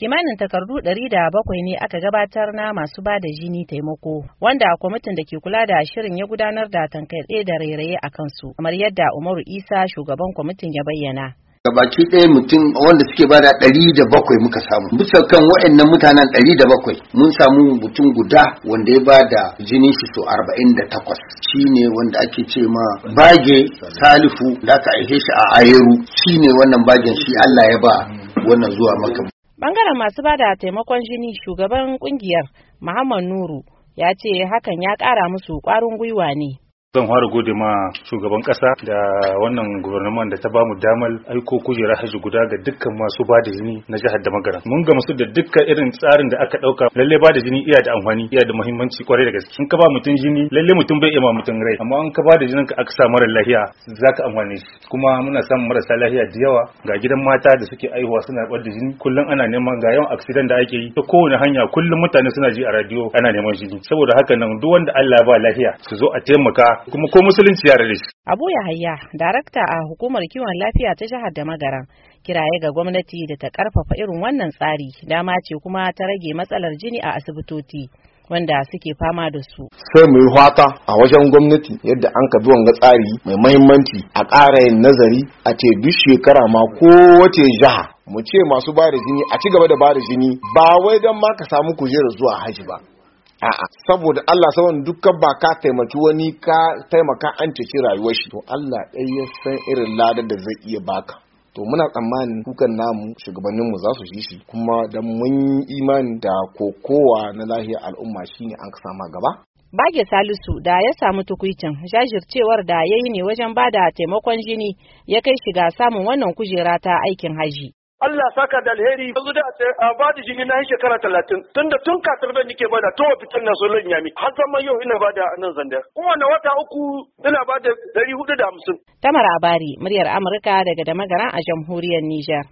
Kimanin takardu ɗari da bakwai ne aka gabatar na masu ba da jini taimako, wanda kwamitin da ke kula da shirin ya gudanar da tankaɗe da rairaye a kansu, kamar yadda Umaru Isa shugaban kwamitin ya bayyana. gabaki ɗaya mutum wanda suke ba da ɗari da bakwai muka samu bisa kan waɗannan mutanen ɗari da bakwai mun samu mutum guda wanda ya ba da jinin shi so arba'in da takwas shi ne wanda ake ce ma bage salifu da aka aike shi a ayeru shi ne wannan bagen shi allah ya ba wannan zuwa maka Bangaren masu ba da taimakon jini shugaban kungiyar Muhammad Nuru ya ce hakan ya ƙara musu kwarin gwiwa ne. zan fara gode ma shugaban kasa da wannan gwamnatin da ta bamu damar aiko kujera haji guda ga dukkan masu ba da jini na jihar da mun ga masu da dukkan irin tsarin da aka dauka lalle ba da jini iya da amfani iya da muhimmanci kwarai da gaske in ka ba mutum jini lalle mutum bai ima mutum rai amma in ka ba da jinin ka aka sa mara lahiya zaka amfane shi kuma muna samun marasa lahiya da yawa ga gidan mata da suke aihuwa suna bar da jini kullum ana neman ga yawan accident da ake yi ta kowane hanya kullum mutane suna ji a radio ana neman jini saboda haka nan duk wanda Allah ba lahiya su zo a taimaka kuma ko musulunci ya da shi. Abu Yahaya, darakta a hukumar kiwon lafiya ta jihar da magaran kiraye ga gwamnati da ta karfafa irin wannan tsari dama ce kuma ta rage matsalar jini a asibitoci. wanda suke fama da su. Sai mu yi fata a wajen gwamnati yadda an ka ga tsari mai mahimmanci a ƙara yin nazari a ce duk shekara ma ko kowace jiha mu ce masu bada jini a ci gaba da bada jini ba wai don ma ka samu kujerar zuwa haji ba a'a saboda Allah saboda dukkan ba ka taimaki wani ka taimaka an ceci rayuwar shi to Allah ɗaya ya san irin ladar da zai iya baka to muna tsammanin kukan namu shugabannin mu za su shi shi kuma da mun imani da kokowa na lahiyar al'umma shine an ka sama gaba Bage Salisu da ya samu tukuicin jajircewar da ya yi ne wajen bada taimakon jini ya kai shiga samun wannan kujera ta aikin haji. Allah saka da alheri yanzu da a ba da jini na yi shekara talatin tunda tun kasar da nike bada to fitar na sun lanya mi har zama yau ina bada a nan zandar kowane wata uku ina bada dari hudu da hamsin. Tamar Abari muryar Amurka daga Damagara a jamhuriyar Nijar.